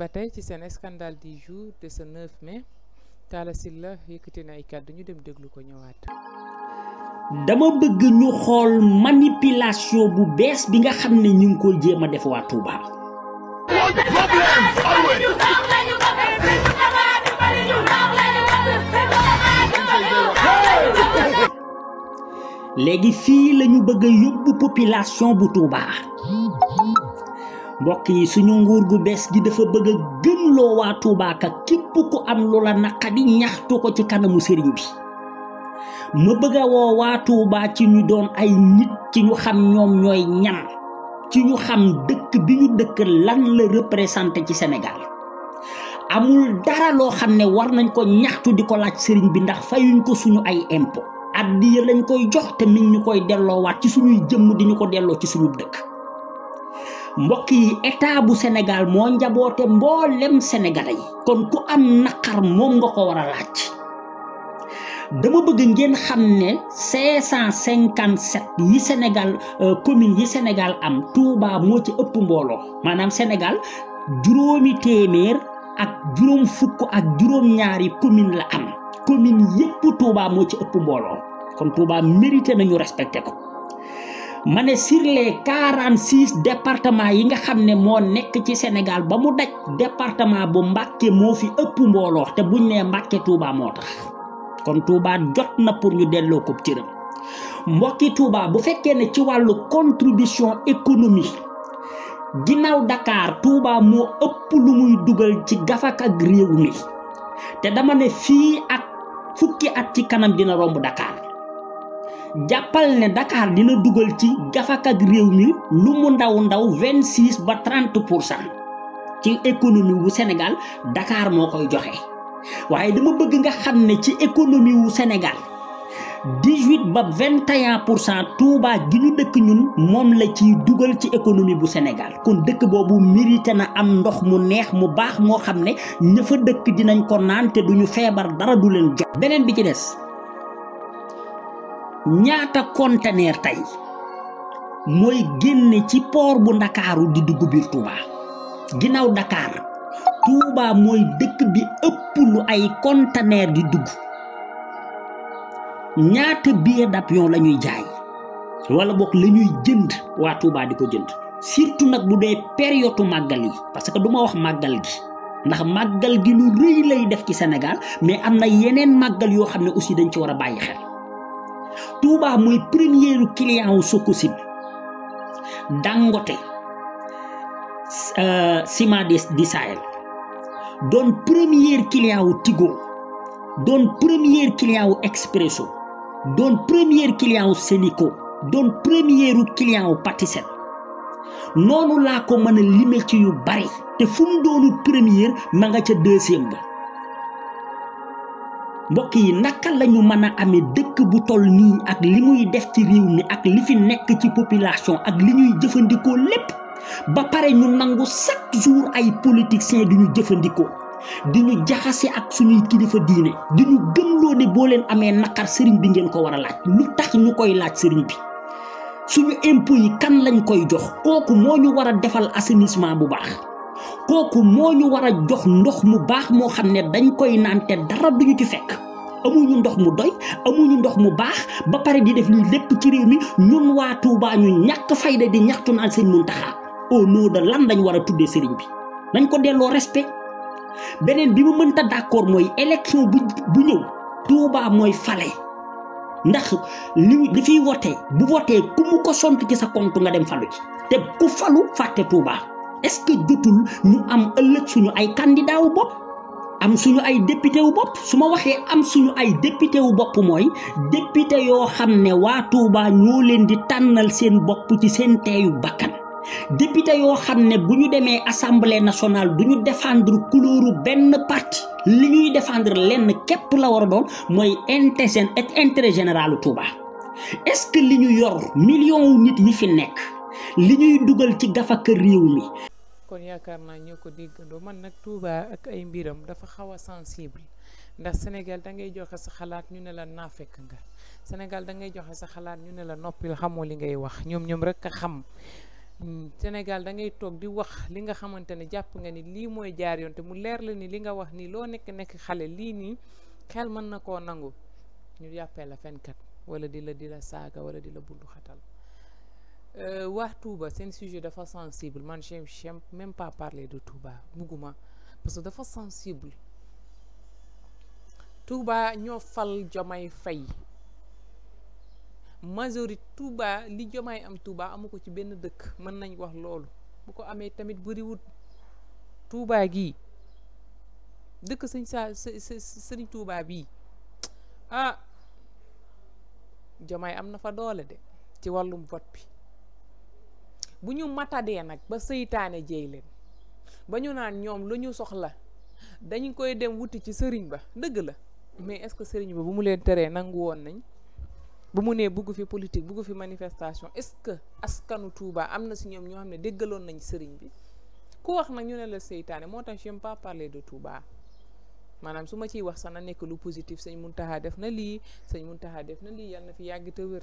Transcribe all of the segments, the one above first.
ba tey ci scandale du jour de ce 9 mai Talla Sylla yëkkati na ay kàddu ñu dem déglu ko ñëwaat. dama bëgg ñu xol manipulation bu bees bi nga xamné ñu ngi koy jéem def wa Touba. Légui fi lañu bëgg population bu Touba. mbokk yi suñu nguur gu bes gi dafa bëgg a gëmloo waa Touba ka képp ku am lu la naqadi ñaxtu ko ci kanamu sëriñ bi ma bëgg a woo waa Touba ci ñu doon ay nit ci ñu xam ñoom ñooy ñam ci ñu xam dëkk bi ñu dëkk lan la représenté ci Sénégal amul dara loo xam ne war nañ ko ñaxtu di ko laaj sëriñ bi ndax fayuñ ko suñu ay impôt addiya lañ koy jox te miñ ñu koy delloowaat ci suñuy jëmm di ñu ko delloo ci suñu dëkk mbokk yi état bu senegal moo njaboote mboolem sénégalais yi kon ku am naqar moom nga ko war a dama bëgg ngeen xam ne 557 yi Sénégal euh, commune yi Sénégal am Touba moo ci ëpp mbooloo maanaam Sénégal juróomi téeméer ak juróom fukk ak juróom ñaari commune la am commune yépp Touba moo ci ëpp mbooloo kon Touba mérité nañu respecté ko ma ne sur les quarante six départements yi nga xam ne moo nekk ci Sénégal ba mu daj département bu Mbàkke moo fi ëpp mbooloo te buñ nee Mbàkke Touba moo tax kon Touba jot na pour ñu delloo ko tëram mbokki Touba bu fekkee ne ci wàllu contribution économique ginnaaw dakaar Touba moo ëpp lu muy dugal ci gafak ak réew mi te dama ne fii ak fukki at ci kanam dina romb Dakar. jàppal ne Dakar dina dugal ci gafak réew mi lu mu ndaw ndaw vingt six ba trente pour cent ci économie wu senegal dakaar moo koy joxe waaye dama bëgg nga xam ne ci économie wu senegal dix huit ba vingt et pour cent Touba gi ñu dëkk ñun moom la ci dugal ci économie bu senegal kon dëkk boobu mérité na am ndox mu neex mu baax moo xam ne ña dëkk dinañ ko naan te duñu feebar dara du leen jot beneen bi ci des. ñaata conteneur tey mooy génne ci port bu ndakaaru di dugg biir Touba ginnaaw Dakar Touba mooy dëkk bi ëpp lu ay conteneur di dugg ñaata billet d'avion la ñuy jaay walla boog la ñuy jënd waa Touba di ko jënd surtout nag bu dee période màggal yi parce que du ma wax màggal gi ndax màggal gi lu rëy lay def ci senegal mais am na yeneen màggal yoo xam ne aussi dañ ci war a bàyyi xel. Touba mooy première client wu Sococim Dangote euh, ciment du Sahel doon première client wu Tigo doon première client wu Expresso doon première client wu doon première client wu noonu laa ko mën a lime bari te fu mu doonu première ma nga ca deuxième ba mbokk yi naka lañu ñu mën a amee dëkk bu toll nii ak li muy def ci réew mi ak li fi nekk ci population ak li ñuy jëfandikoo lépp ba pare ñu nangu chaque jour ay politiciens du ñu jëfandikoo di ñu jaxase ak suñuy kilifa diine di ñu gëmloo ne boo leen amee naqar sëriñ bi ngeen ko war a laaj lu tax ñu koy laaj sëriñ bi suñu impôt yi kan lañu koy jox kooku moo ñu war a defal assainissement bu baax. kooku moo ñu war a jox ndox mu baax moo xam ne dañ koy naan te dara duñu ci fekk amuñu ndox mu doy amuñu ndox mu baax ba pare di def lii lépp ci réew mi ñun waa tuubaa ñu ñàkk fayda di ñaxtu naan sëñ Muntaxa au nom de lan dañ war a tuddee sëriñ bi nañ ko delloo respe beneen bi mu mënta d'accord mooy élection bu bu ñëw Touba mooy fale ndax li di fiy wote bu wotee ku mu ko sont ci sa compte nga dem falu ci te ku falu fàtte Touba. est-ce que jotul ñu am ëllëg suñu ay candidat wu bopp am suñu ay député wu bopp su ma am suñu ay député wu bopp mooy député yoo ne waa Touba ñoo leen di tànnal seen bopp ci seen député ne bu ñu demee assemblée nationale du ñu défendre couleuru benn parti li ñuy défendre lenn képp la war a doon et intérêt général est-ce que li New yor millions nit yi fi li ñuy dugal ci kër réew mi. kon yaakaar naa ñoo ko déggandoo man nag Touba ak ay mbiram dafa xaw a sensible ndax Sénégal da ngay joxe sa xalaat ñu ne la naafekk nga Sénégal da joxe sa xalaat ñu ne la noppil xamoo li ngay wax ñoom ñoom rek a xam. Hmm, Sénégal da ngay toog di wax li nga xamante ne jàpp nga nit lii mooy jaar yoon te mu leer la ni li nga wax nii loo nekk nekk xale lii nii xel mën na koo nangu ñu yàppee la fenkat wala di la di la saaga wala di la bunduxatal Euh, waa Touba seen sujet dafa sensible man j'aime même pas parler de Touba bugguma parce que dafa sensible Touba ñoo fal Jomay Fay majorité Touba li Jomay am Touba amu ko ci benn dëkk mën nañ wax loolu bu ko amee tamit bëriwut Touba gii dëkk sëñ saa sëñ ah Jomay am na fa doole de ci wàllum vote bi bu ñu matadee nag ba seytaane jéey leen ba ñu naan ñoom lu ñu soxla dañ koy dem wuti ci sëriñ ba ndëgg la mais est-ce que sëriñ ba bu mu leen teree nangu woon nañ bu mu nee bugg fi politique buggu fi manifestation est-ce que askanu Touba am na si ñoom ñoo xam ne déggaloon nañ sëriñ bi ku wax nag ñu ne la seytaane moo tax j'aime pas parler de Touba maanaam su ma ciy wax sax na nekk lu positif sëñ Muntaxa def na lii sëñ Muntaxa def na lii yàlla na fi yàgg te wér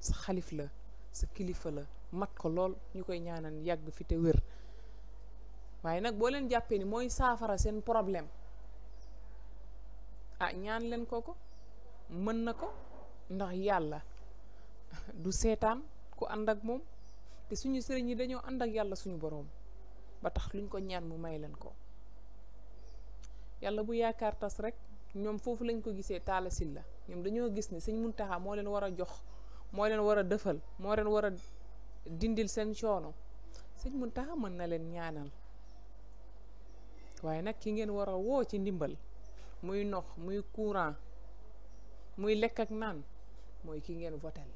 sa xalif la sa kilifa la mat ko lool ñu koy ñaanal yàgg fi te wér waaye nag boo leen jàppee ni mooy saafara seen problème ah ñaan leen ko ko mën na ko ndax yàlla du seetaan ku ànd ak moom te suñu sëriñ yi dañoo ànd ak yàlla suñu boroom ba tax luñ ko ñaan mu may leen ko yàlla bu yaakaar tas rekk ñoom foofu lañ ko gisee taalasil la ñoom dañoo gis ne mun Muntaxa moo leen war a jox moo leen war a dëfal moo leen war a dindil seen coono sëñ taxa mën na leen ñaanal waaye nag ki ngeen war a woo ci ndimbal muy ndox muy courant muy lekk ak naan mooy ki ngeen votel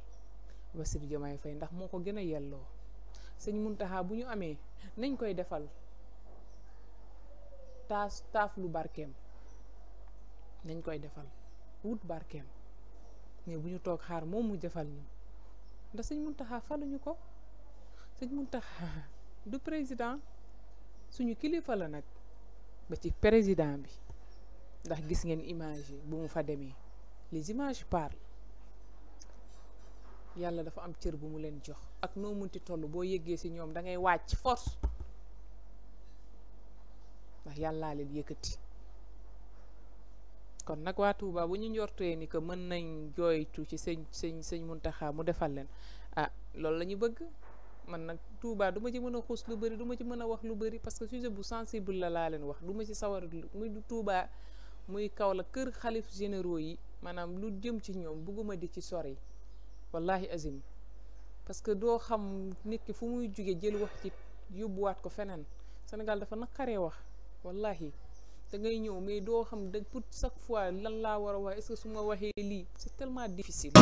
Bassirou Diomaye fay ndax moo ko gën a yelloo sëñ taxa bu ñu amee nañ koy defal taas taaf lu barkeem nañ koy defal wut barkeem mais bu ñu toog xaar moom mu defal ñu ndax sëñ Muntaxa faluñu ko sëñ Muntaxa du président suñu kilifa la nag ba ci président bi ndax gis ngeen image yi bu mu fa demee les images parlent yàlla dafa am cër bu mu leen jox ak noo munti toll boo yëggee si ñoom dangay ngay wàcc force ndax yàllaa leen yëkkati. kon nak wa Touba bu ñu njortee ni ko mën nañ jooytu ci muntaha mu defal leen ah loolu lañu bëgg man nak Touba duma ci mëna a lu bëri duma ci mëna wax lu bëri parce que sujet bu sensible la la leen wax duma ci sawar muy Touba muy kaw la keur généraux yi manam lu jëm ci ñoom di ci sori wallahi azim parce que do xam nit ki fu muy juggé jël wax ci yóbbuwaat ko fenen Sénégal dafa nakaré wax wallahi da ngay ñëw mais doo xam dëgg pour chaque fois lan laa war a wax est-ce su ma waxee lii c'est tellement difficile